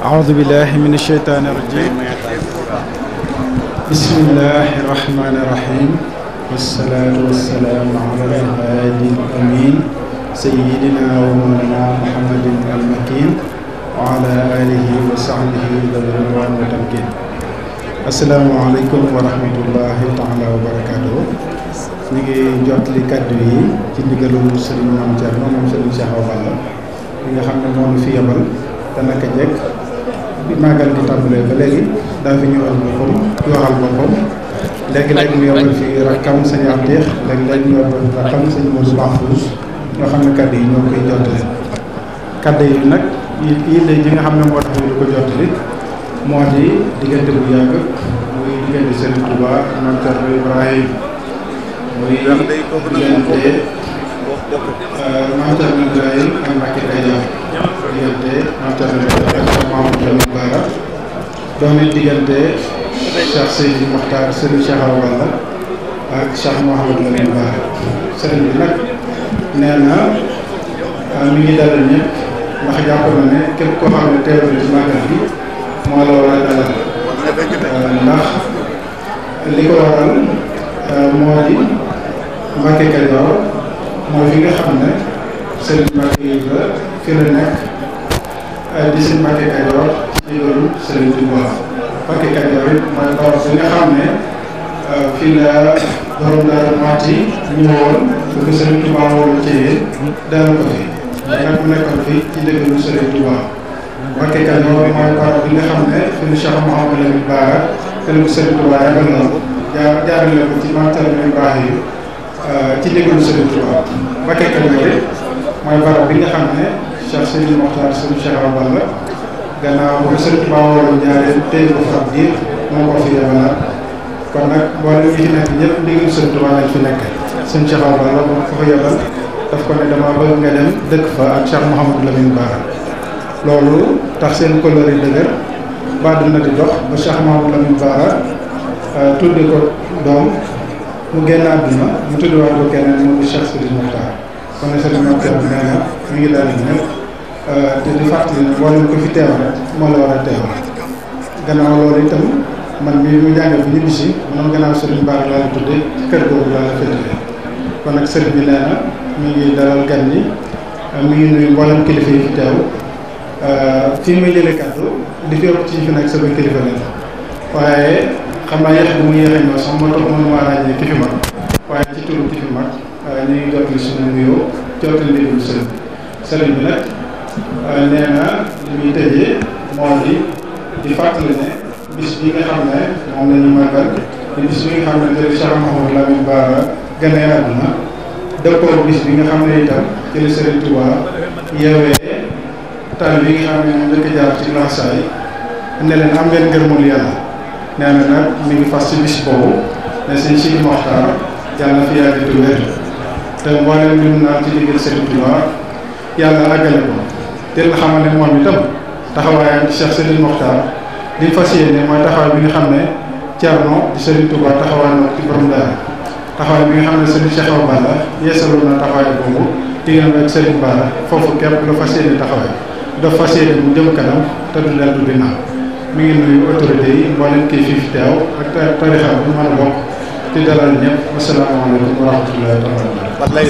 أعوذ بالله من الشيطان الرجيم بسم الله الرحمن الرحيم والصلاة والسلام على الهادي الأمين سيدنا ومولانا محمد المكين وعلى آله وصحبه ذوي الرضوان والتمكين السلام عليكم ورحمة الله تعالى وبركاته ñu ngi jotli kaddu yi ci ndigalul Serigne Mame Thierno moom Serigne Cheikh Awa Balla mi nga xam ne moom fi yebal te naka jekk bi màggal gi tàmbalee ba léegi daa fi ñëwal boppam waxal boppam léegi-léegi mu yowal fi rakkam sëñ Abdeex léegi-léegi mu yowal fi rakkam sëñ Moussa Mahfouz ñoo xam ne kaddu yi ñoo koy jottali kaddu yi nag yi lay ji nga xam ne moo tax ñu ko jottali moo di diggante bu yàgg muy diggante Serigne Touba Mame Ibrahim muy diggante euh, Mame Thierno Ibrahim ak Mbacké Kajoor diggante Mame Thierno Diatta ak Cheikh Mamadou Lamine Bara dox it diggante Cheikh Seydi Mokhtar Serigne Cheikh Awa Balla ak Cheikh Mamadou Lamine Bara sëriñ bi nag nee na ah, mi ngi dalal ñëpp ndax jàpp na ne képp koo xam ne teewul ci màggal bi moo la war a dalal ah, ndax li ko ah, ne sëriñ Mbàkke yi ba di si Mbacké Kadior ci loolu Serigne Touba Mbacké Kadior it mooy barab xam ne euh, fii la borom Daaru Muxti ñëwoon bu ko Serigne Touba woon ci daal ko fi nag mu nekkoon fi ci dëggalu Serigne Touba Mbacké Kadior mooy barab bi nga xam ne fi mu Cheikh Mouhamadou Lamine Bara te lu Serigne Touba yàggal na jaar jaarale ko ci mantal yu baax yi euh, ci dëggalu Serigne Touba Mbacké Kadior it mooy barab bi xam ne Cheikh si Mokhtar suñu Cheikh Awa nag gannaaw bu sëñ bawoo ñaareel tey bu fab diir moo ko fi ci nekk ñëpp ndigal sëñ Tuubaa lañ fi nekk suñu Cheikh Awa Balla moom ko fa yebal daf ko ne dama bëgg nga dem dëkk fa ak Cheikh Mouhamadou Lamine Bara loolu tax seen kóllëre euh, ko doom mu génn àdduna mu tuddewaat ko keneen mu di Cheikh Seydi Mokhtar kon sëriñ Mor Thiam nee na mi ngi daal di ñëpp euh, te di fàttali ne mboolem ko fi teewal moo la war a teewal gannaaw loolu itam man mii mu jàngal bi ñibbi si man gannaaw sëriñ Bara laa la kër googu laa la féetee kon nag sëriñ bi nee na mi ngi dalal gan ñi euh, ngi nuyu mboolem kilifa yi fi teew euh, fii muy jëlee kàddu di fi ëpp ci fi nekk sama kilifa lañ waaye xam naa yéex bu mu yéexee ñoom sax moo tax mënu maa ràññee ki fi mag waaye ci turu ki fi mag. ñu ngi jot li suñu nuyoo jot li déglu sëriñ sëriñ bi nag nee na li muy tëjee moo di di fàttali ne bis bi nga xam ne moom la ñu màggal di bis bi nga xam ne jëli Cheikh Mouhamadou Lamine Bara yeewee taal bi nga xam ne moom la jaar ci laxsaay ne leen am ngeen ngërmul yàlla nee na nag mi ngi fas ci bis boobu ne sëñ Cheikh Mokhtar yàlla fi yàgg di wér te mboolem li mu naan ci liggéey Serigne Touba yàlla àggale ko te la xamal ne moom itam taxawaayam ci Cheikh Serigne Mokhtar li mu fas yéene mooy taxawaay bi nga xam ne Thierno di Serigne Touba taxawaay na ci borom daara taxawaay bi nga xam ne Serigne Cheikh Awa Balla yeesaloon na taxawaay boobu diggante ak Serigne Balla foofu képp la fas yéene taxawaay da fas yéene mu jëm kanam te du dellu ginnaaw mi ngi nuyu autorités yi mboolem kii fii teew ak tarixa bu mën di dalal ñëpp asalaamaaleykum wa rahmatullahi wa barakatuh